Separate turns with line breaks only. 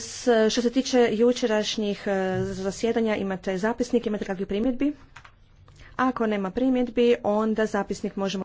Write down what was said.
S, što se tiče jučerašnjih e, zasjedanja imate zapisnik, imate kakvi primjedbi? Ako nema primjedbi, onda zapisnik možemo